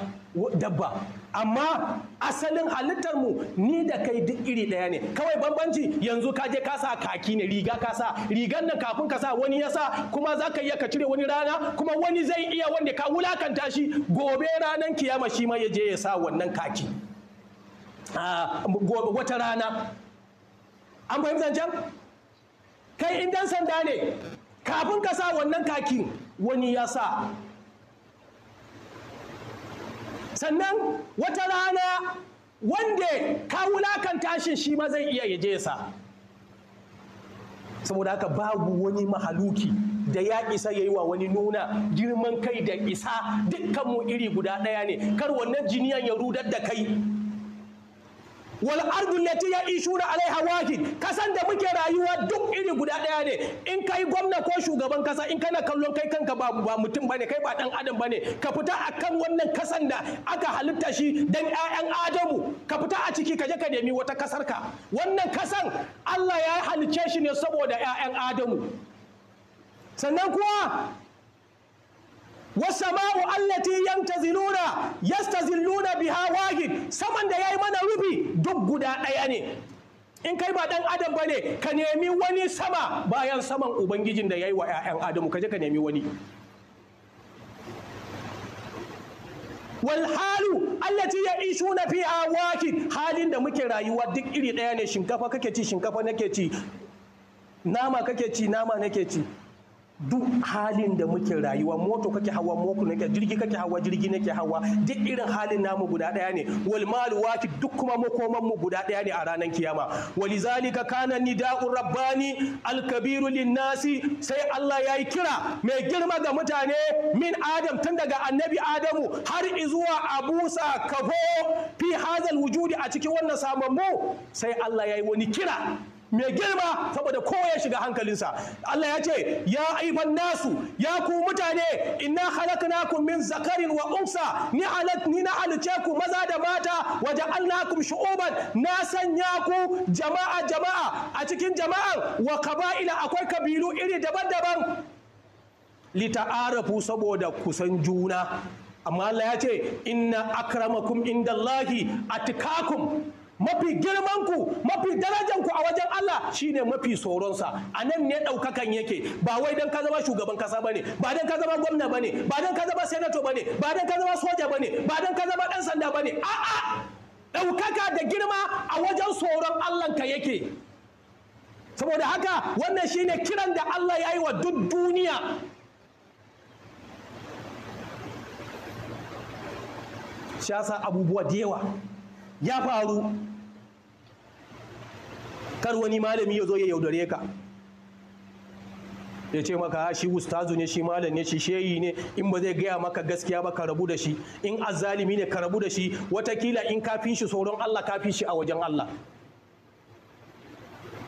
dabba amma asalin halittar mu ni da kai duk iri ɗaya ne kawai bambanci yanzu ka je ka sa kaki ne riga ka sa rigan nan kafin ka sa wani ya sa kuma za ka iya ka cire wani rana kuma wani zai iya wanda ka wulakanta shi gobe ranan kiyama shi ma ya je ya sa wannan kaki ah, wata rana an fahimtar can kai in dan sanda ne kafin ka sa wannan kakin wani ya sa sannan wata rana wanda ka wulakan tashin shi ma zai iya yaje sa saboda haka babu wani mahaluki da ya isa ya yi wa wani nuna girman kai da isa dukkanmu iri guda ɗaya ne kar wannan jiniyan ya rudar da kai wal ardu lati ya ishuna alaiha wakid kasan da muke rayuwa duk iri guda daya ne in kai gwamna ko shugaban kasa in kana kallon kai kanka ba ba mutum bane kai ba dan adam bane ka fita akan wannan kasan da aka halitta shi dan ƴaƴan adamu ka fita a ciki ka je ka nemi wata kasar ka wannan kasan Allah ya halicce shi ne saboda ƴaƴan adamu sannan kuwa wasama'u allati yamtaziluna yastazilluna biha wahid saman da yayi mana rufi duk guda ɗaya ne in kai ba dan adam bane ka nemi wani sama bayan saman ubangijin da yayi wa 'ya'yan adamu ka je ka nemi wani walhalu allati ya'ishuna fiha wahid halin da muke rayuwa duk iri ɗaya ne shinkafa kake ci shinkafa nake ci nama kake ci nama nake ci duk halin da muke rayuwa moto kake hawa moto nake jirgi kake hawa jirgi nake hawa duk irin halin namu guda daya ne wal waki duk kuma makoman mu guda daya ne a ranar kiyama walizalika kana nida'ur rabbani alkabiru linnasi sai Allah yayi kira mai girma ga mutane min adam tun daga annabi adamu har izuwa abusa kafo fi hazal wujudi a cikin wannan sabon mu sai Allah yayi wani kira mai girma saboda kowa ya shiga hankalinsa Allah ya ce ya aifan nasu ya ku mutane inna halaknakum min zakarin wa unsa ni na alice ku maza da mata wa ja'alnakum shu'uban na sanya ku jama'a jama'a a cikin jama'an wa kaba'ila akwai kabilu iri daban-daban lita'arafu saboda kusan juna amma Allah ya ce inna akramakum indallahi atqakum mafi girmanku mafi darajanku a wajen Allah shine mafi tsoronsa a nan ne ɗaukakan yake ba wai dan ka zama shugaban kasa bane ba dan ka zama gwamna bane ba dan ka zama senator bane ba dan ka zama soja bane ba dan ka zama ɗan sanda bane a'a ɗaukaka da girma a wajen tsoron ka yake saboda haka wannan shine kiran da Allah ya yi wa duk duniya shasa abubuwa da yawa ya faru kar wani malami ya zo ya yaudare ka ya ce maka ah, shi ustazu ne shi malam ne shi sheyi ne in ba zai gaya maka gaskiya ba ka rabu da shi in azzalimi ne ka rabu da shi watakila in ka fi shi sauran Allah ka fi shi a wajen Allah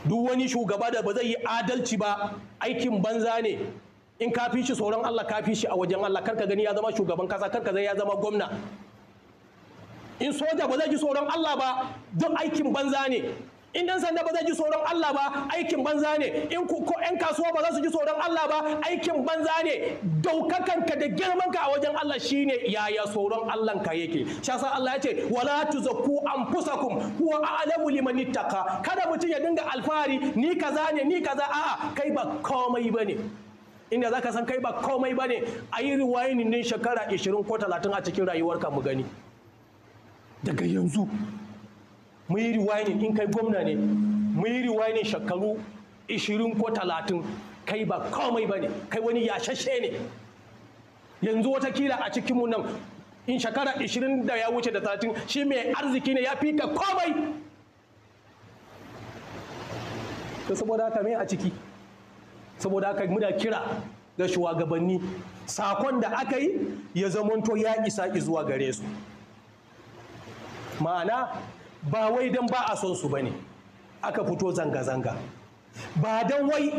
duk wani shugaba da ba zai yi adalci ba aikin banza ne in ka fi shi sauran Allah ka fi shi a wajen Allah karka gani ya zama shugaban kasa karka zai ya zama gwamna in soja ba zai ji tsoron Allah ba duk aikin banza ne in dan sanda ba zai ji tsoron Allah ba aikin banza ne in ko yan kasuwa ba za su ji tsoron Allah ba aikin banza ne daukakanka da girman ka a wajen Allah shine yaya sauran Allah ka yake shi yasa Allah ya ce wala tuzakku anfusakum huwa a'lamu liman ittaqa kada mutum ya dinga alfahari ni kaza ne ni kaza a'a kai ba komai bane inda zaka san kai ba komai bane ayi riwayin nin shekara 20 ko 30 a cikin rayuwarka mu gani daga yanzu mu yi riwayi in kai gwamna ne mu yi ne shekaru 20 ko 30 kai ba komai ba ne kai wani yashashe ne yanzu watakila a cikinmu nan in shekara 20 da ya wuce da 30 shi mai arziki ne ya fi ka komai ta saboda haka mai a ciki saboda haka muna kira ga shugabanni sakon da aka yi ya zamanto ya isa zuwa gare su ma'ana ba wai don ba a son su ba ne aka fito zanga-zanga ba don wai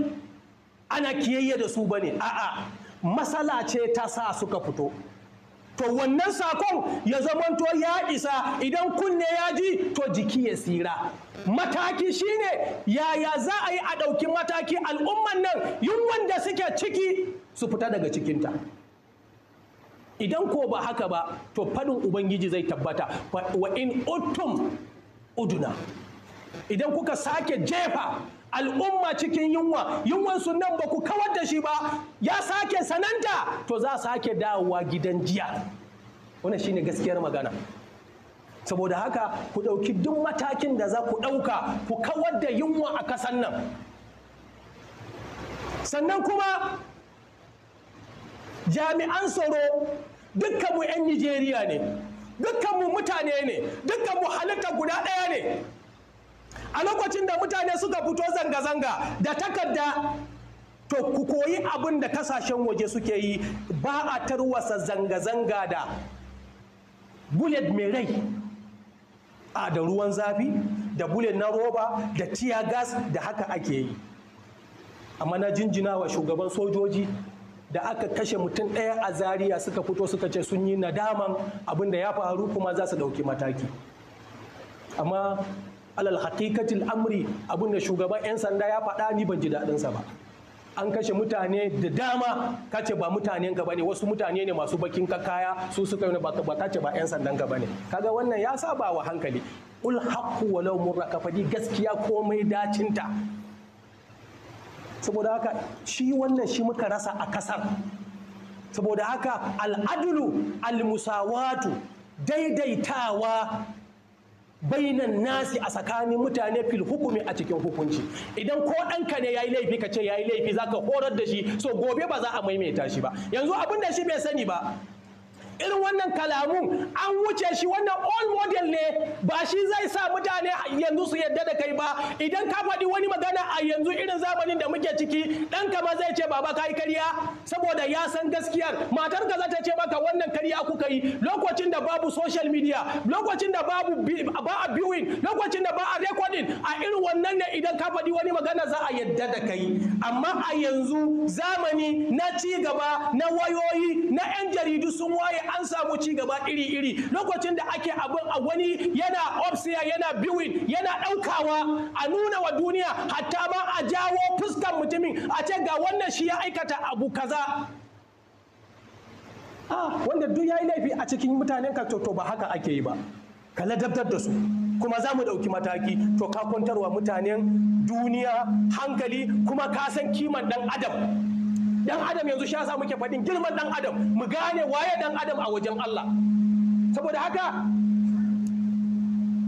ana kiyayya da su ba ne a'a matsala ce ta sa suka fito to wannan sakon ya zamanto ya isa idan kunne ya ji to jiki ya tsira. mataki shine yaya za a yi a ɗauki mataki al'umman nan yin wanda suke ciki su fita daga cikinta idan ko ba haka ba to faɗin ubangiji zai tabbata wa in uttum uduna idan kuka sake jefa al'umma cikin yunwa yunwan su nan ba ku kawar da shi ba ya sake sananta to za sake dawowa gidan jiya wannan shine gaskiyar magana saboda haka ku ɗauki duk matakin da za ku ɗauka ku kawar da yunwa a kasan nan sannan kuma jami'an tsaro dukkanmu 'yan Nijeriya ne dukkanmu mutane ne dukkanmu halitta guda ɗaya ne a lokacin da mutane suka fito zanga-zanga da takarda to ku koyi abin da kasashen waje suke yi ba a tarwasa zanga-zanga da bullet mai rai a da ruwan zafi da bullet na roba da tear gas da haka ake yi amma na jinjina wa shugaban sojoji da aka kashe mutum ɗaya a Zariya suka fito suka ce sun yi nadaman abin da ya faru kuma za su ɗauki mataki amma alal hakikatil amri abinda shugaban 'yan sanda ya faɗa ni ban ji daɗinsa ba an kashe mutane da dama kace ba mutanen ka bane wasu mutane ne masu bakin kaya su suka yi ba kace ba 'yan sandan ka bane kaga wannan ya saba wa hankali ul haqqu walau murra faɗi gaskiya komai dacinta saboda haka shi wannan shi muka rasa a kasar saboda haka al'adulu almusawatu daidaitawa bainan nasi a tsakanin mutane fil hukumi a cikin hukunci idan ko ɗanka ne yayi laifi ka ce yayi laifi zaka horar da shi so gobe ba za a maimaita shi ba yanzu abin da shi bai sani ba irin wannan kalamun an wuce shi wannan all model ne ba shi zai sa mutane yanzu su yadda da kai ba idan ka faɗi wani magana a yanzu irin zamanin da muke ciki ɗan ma zai ce baba kai kariya saboda ya san gaskiyar matar ka za ce maka wannan kariya kuka yi lokacin da babu social media lokacin da babu ba a viewing lokacin da ba a recording a irin wannan ne idan ka faɗi wani magana za a yadda da kai amma a yanzu zamani na ci gaba na wayoyi na 'yan jaridu sun waye an samu ci gaba iri-iri lokacin da ake abin a wani yana opsiya yana biwin yana ɗaukawa a nuna wa duniya hatta ma a jawo fuskan mutumin a ce ga wannan shi ya aikata abu kaza ah wanda duk yayi yi laifi a cikin mutanen ka to ba haka ake yi ba ka ladabtar da su kuma za mu ɗauki mataki to ka kwantarwa mutanen duniya hankali kuma ka san kiman ɗan adam dan adam yanzu sha sa muke faɗin girman dan adam mu gane waye dan adam a wajen Allah saboda haka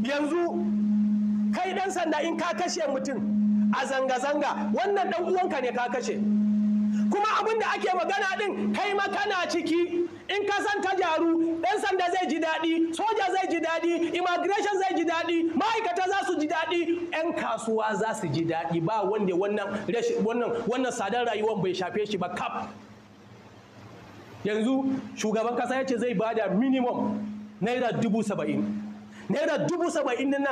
yanzu kai dan sanda in ka kashe mutum a zanga-zanga wannan dan uwanka ne ka kashe kuma abin da ake magana din kai ma kana ciki in ka san ta gyaru ɗan sanda zai ji daɗi soja zai ji daɗi immigration zai ji daɗi ma'aikata za su ji daɗi 'yan kasuwa za su ji daɗi ba wanda wannan wannan sadar rayuwar bai shafe shi ba kaf yanzu shugaban kasa ya ce zai bada minimum naira dubu saba'in naira dubu saba'in nan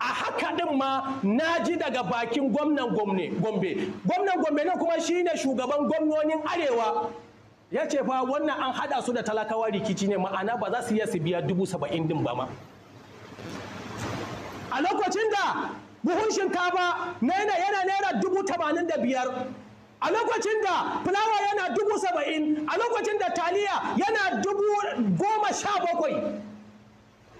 a haka din ma na ji daga bakin gwamnan gombe gwamnan gombe na kuma shine shugaban gwamnonin arewa ya ce fa wannan an hada su da talakawa rikici ne ma'ana ba za su iya su biya dubu saba'in din ba ma a lokacin da buhun shinkafa yana yana naira dubu tamanin da biyar a lokacin da fulawa yana dubu saba'in a lokacin da taliya yana dubu goma sha bakwai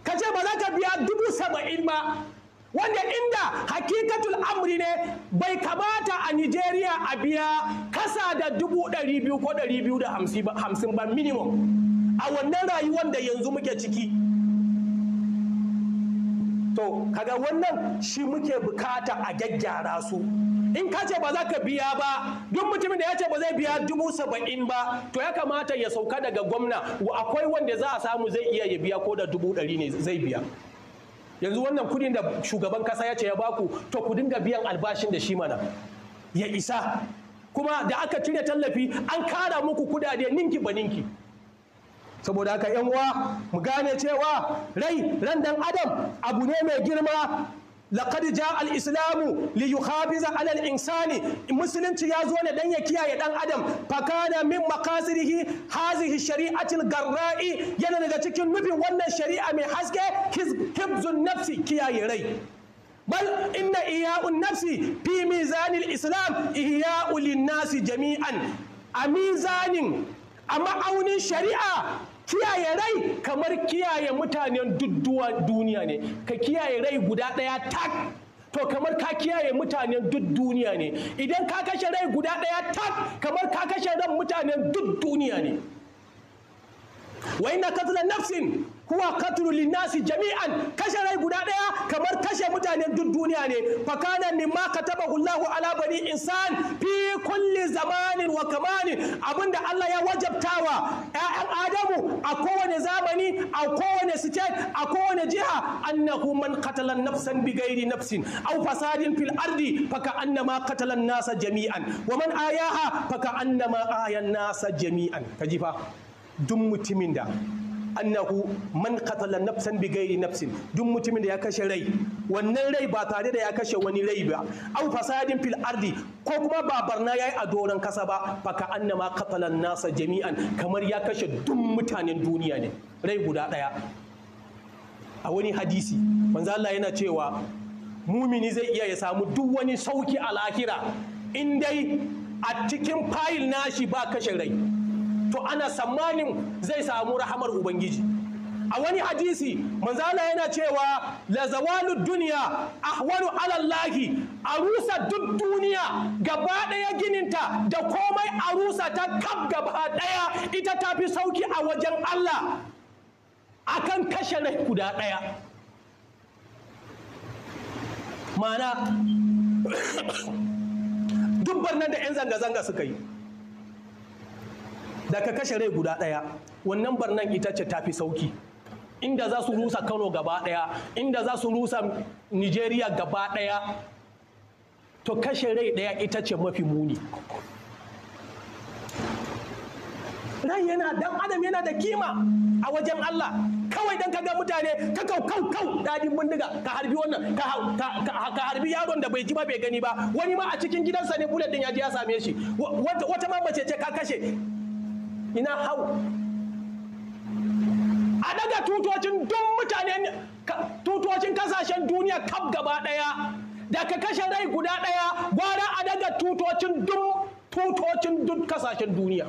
ka ce ba za ka biya dubu saba'in ba wanda inda hakikatul amri ne bai kamata a nigeria a biya kasa da dubu ɗari biyu ko ɗari biyu da hamsin ba minimum a wannan rayuwar da yanzu muke ciki to kaga wannan shi muke bukata a gyaggyara su in ka ce ba za ka biya ba duk mutumin da ya ce ba zai biya dubu saba'in ba to ya kamata ya sauka daga gwamna akwai wanda za a samu zai iya ya biya ko da dubu ɗari ne zai biya yanzu wannan kudin da shugaban kasa ya ce ya baku to ku dinga biyan albashin da shi mana ya isa kuma da aka cire tallafi an kara muku kudade ninki ba ninki saboda haka yan uwa mu gane cewa rai ran adam abu ne mai girma laqad ja al-islamu li yukhabiza alal insani musulunci ya zo ne dan ya kiyaye ɗan adam fakana min maqasidihi hazihi shari'atil garra'i yana daga cikin nufin wannan shari'a mai haske hibzun nafsi kiyaye rai bal inna ihya'un nafsi fi mizanil islam ihya'u nasi jami'an a mizanin a ma'aunin shari'a kiyaye rai kamar kiyaye mutanen dudduwa duniya ne ka kiyaye rai guda ɗaya tak to kamar ka kiyaye mutanen duk duniya ne idan ka kashe rai guda ɗaya tak kamar ka kashe ran mutanen duk duniya ne wa ina katla nafsin huwa qatlu linnasi jami'an kashe rai guda daya kamar kashe mutanen duk duniya ne fakana mimma katabahu Allahu ala bani insan fi kulli zamanin wa kamanin abinda Allah ya wajabtawa ƴaƴan Adamu a kowane zamani a kowane state a kowane jiha annahu man qatala nafsan bighairi nafsin aw fasadin fil ardi faka annama qatala nasa jami'an wa man ayaha faka annama ayan nasa jami'an kaji fa duk mutumin da annahu man qatala nafsan ghairi nafsin duk mutumin da ya kashe rai wannan rai ba tare da ya kashe wani rai ba au fasadin fil ardi ko kuma ba barna yayi a doron kasa ba faka annama qatala nasa jami'an kamar ya kashe duk mutanen duniya ne rai guda daya a wani hadisi manzo Allah yana cewa mumini zai iya ya samu duk wani sauki a lahira in dai a cikin fayil nashi ba kashe rai to ana tsammanin zai samu rahamar ubangiji a wani hadisi Manzana yana cewa la zawalu duniya wani alallahi a rusa duk duniya gaba ɗaya gininta da komai a rusa ta kaf gaba ɗaya ita ta fi sauki a wajen Allah akan kashe na guda ɗaya mana dubbar nan da 'yan zanga-zanga suka yi da ka kashe rai guda ɗaya wannan barnan ita ce tafi sauki inda za su rusa kano gaba ɗaya inda za su rusa nigeria gaba ɗaya to kashe rai ɗaya ita ce mafi muni rai yana dan adam yana da kima a wajen Allah kawai dan kaga mutane ka kau kau kau dadin bindiga ka harbi wannan ka harbi yaron da bai ji ba bai gani ba wani ma a cikin gidansa ne bullet din ya je ya same shi wata ma ce ka kashe ina hau a daga tutocin don mutane tutocin kasashen duniya kaf gaba daya da ka kashe rai guda daya gwara a daga tutocin don tutocin duk kasashen duniya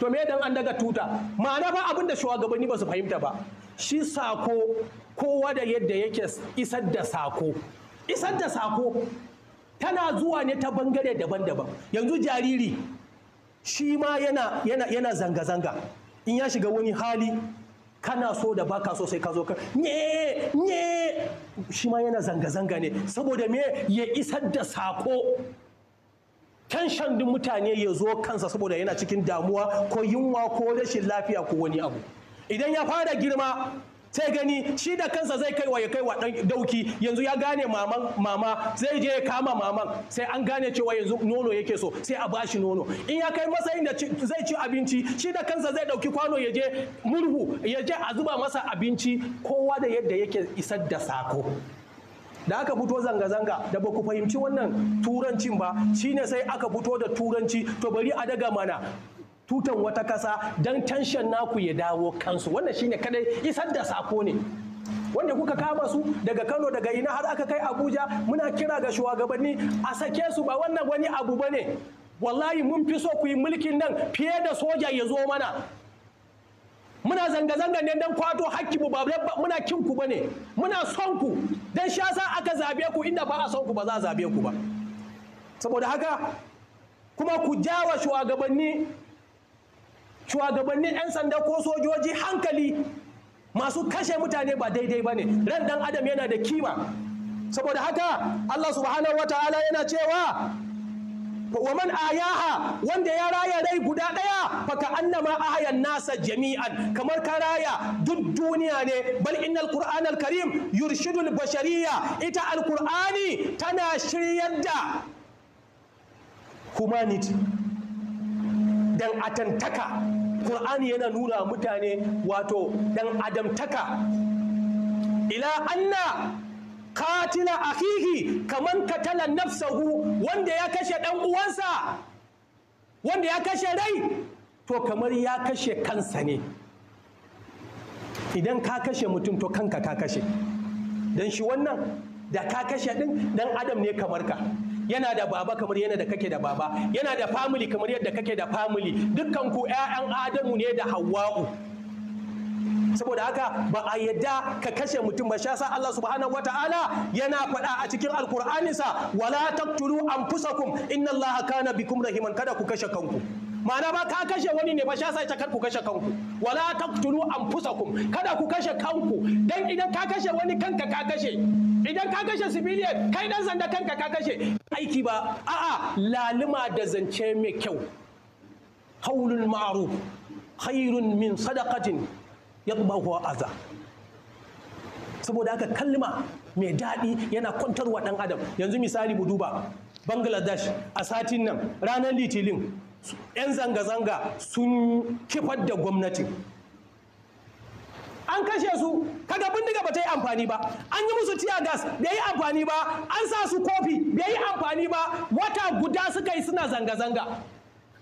to me dan an daga tuta ma'ana fa abinda shugabanni ba su fahimta ba shi sako kowa da yadda yake isar da sako isar da sako tana zuwa ne ta bangare daban-daban yanzu jariri shi ma yana zanga-zanga in ya shiga wani hali kana so da baka so sai ka zo ka nye nye shi ma yana zanga-zanga ne saboda me ya isar da sako tension din mutane ya zo kansa saboda yana cikin damuwa ko yunwa ko rashin lafiya ko wani abu idan ya fara girma sai gani shi da kansa zai kai wa ya kai wa dan dauki yanzu ya gane maman mama zai je ya kama maman sai an gane cewa yanzu nono yake so sai a bashi nono in ya kai masa da zai ci abinci shi da kansa zai dauki kwano ya je murhu ya je a zuba masa abinci kowa da yadda yake isar da sako da aka fito zanga-zanga da ba ku fahimci wannan turancin ba shine sai aka fito da turanci to bari a daga mana tutan wata kasa don tension naku ya dawo kansu wannan shine kadai isar da sako ne wanda kuka kama su daga Kano daga ina har aka kai Abuja muna kira ga shugabanni a sake su ba wannan wani abu ba ne. wallahi mun fi so ku yi mulkin nan fiye da soja ya zo mana muna zanga-zanga ne don kwato hakki mu ba muna kin ku bane muna son ku don sha sa aka zabe ku inda ba a son ku ba za a zabe ku ba saboda haka kuma ku jawa shugabanni shugabannin 'yan sanda ko sojoji hankali masu kashe mutane ba daidai ba ne ran dan adam yana da kima saboda haka Allah subhanahu wataala yana cewa wa man ayaha wanda ya raya rai guda ɗaya, faka annama ahayan nasa jami'an kamar ka raya duk duniya ne bal innal qur'anal karim yurshidul bashariya ita alqur'ani tana shiryar da humanity dan atantaka alkur'ani yana nuna mutane wato dan adamtaka ila anna katila akihi kaman katala nafsahu wanda ya kashe ɗan uwansa wanda ya kashe rai to kamar ya kashe kansa ne idan ka kashe mutum to kanka ka kashe don shi wannan da ka kashe din dan adam ne kamar ka yana da baba kamar yana da kake da baba yana da family kamar yadda kake da family dukkan ku ƴaƴan adamu ne da hawwa'u saboda haka ba a yadda ka kashe mutum ba shasa Allah subhanahu wataala yana faɗa a cikin sa wala taqtulu anfusakum inna Allaha kana bikum rahiman kada ku kashe kanku ma'ana ba ka kashe wani ne ba sha sai kar ku kashe kanku wala taqtulu anfusakum kada ku kashe kanku dan idan ka kashe wani kanka ka kashe idan ka kashe civilian kai dan sanda kanka ka kashe aiki ba a'a laluma da zance mai kyau haulun ma'ruf khairun min sadaqatin yaqbahu aza saboda haka kalma mai daɗi yana kwantarwa ɗan adam yanzu misali mu duba bangladesh a satin nan ranar litilin 'yan zanga-zanga sun kifar da gwamnati. an kashe su kaga bindiga ba ta yi amfani ba an yi musu tiya gas bai yi amfani ba an sa su kofi bai yi amfani ba wata guda suka yi suna zanga-zanga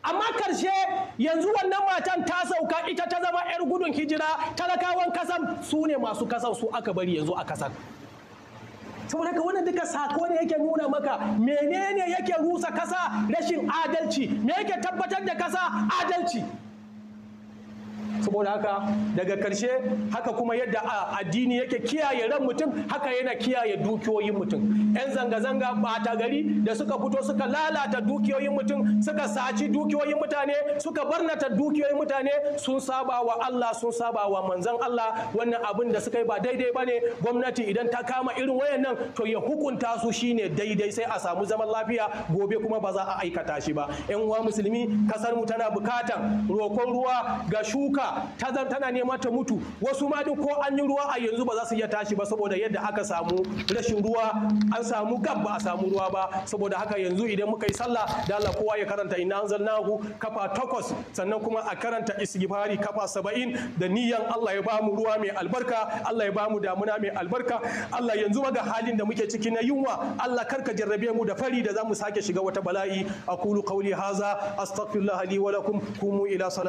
amma karshe yanzu wannan matan ta sauka ita ta zama 'yar gudun hijira talakawan kasan su ne masu kasan su aka bari yanzu a kasan saboda ka wani duka sako ne yake nuna maka menene yake rusa kasa rashin adalci me yake tabbatar da kasa adalci saboda haka daga karshe haka kuma yadda addini yake kiyaye ran mutum haka yana kiyaye dukiyoyin mutum yan zanga-zanga bata gari da suka fito suka lalata dukiyoyin mutum suka saci dukiyoyin mutane suka barnata dukiyoyin mutane sun saba wa Allah sun saba wa manzon Allah wannan abin da suka yi ba daidai ba ne gwamnati idan ta kama irin wayannan to ya hukunta su shine daidai sai a samu zaman lafiya gobe kuma ba za a aikata shi ba yan uwa musulmi kasar mu tana bukatan rokon ruwa ga shuka tazan ta zan tana nema ta mutu wasu ma duk ko an yi ruwa a yanzu ba za su iya tashi ba saboda yadda aka samu rashin ruwa an samu gab ba a samu ruwa ba saboda haka yanzu idan muka yi sallah da Allah kowa ya karanta inna anzalnahu kafa takwas sannan kuma a karanta isgifari kafa saba'in da niyan Allah ya bamu ruwa mai albarka Allah ya bamu damuna mai albarka Allah yanzu ga halin da muke ciki na yunwa Allah karka jarrabe mu da fari da zamu sake shiga wata bala'i aqulu qawli haza astaghfirullah li wa lakum kumu ila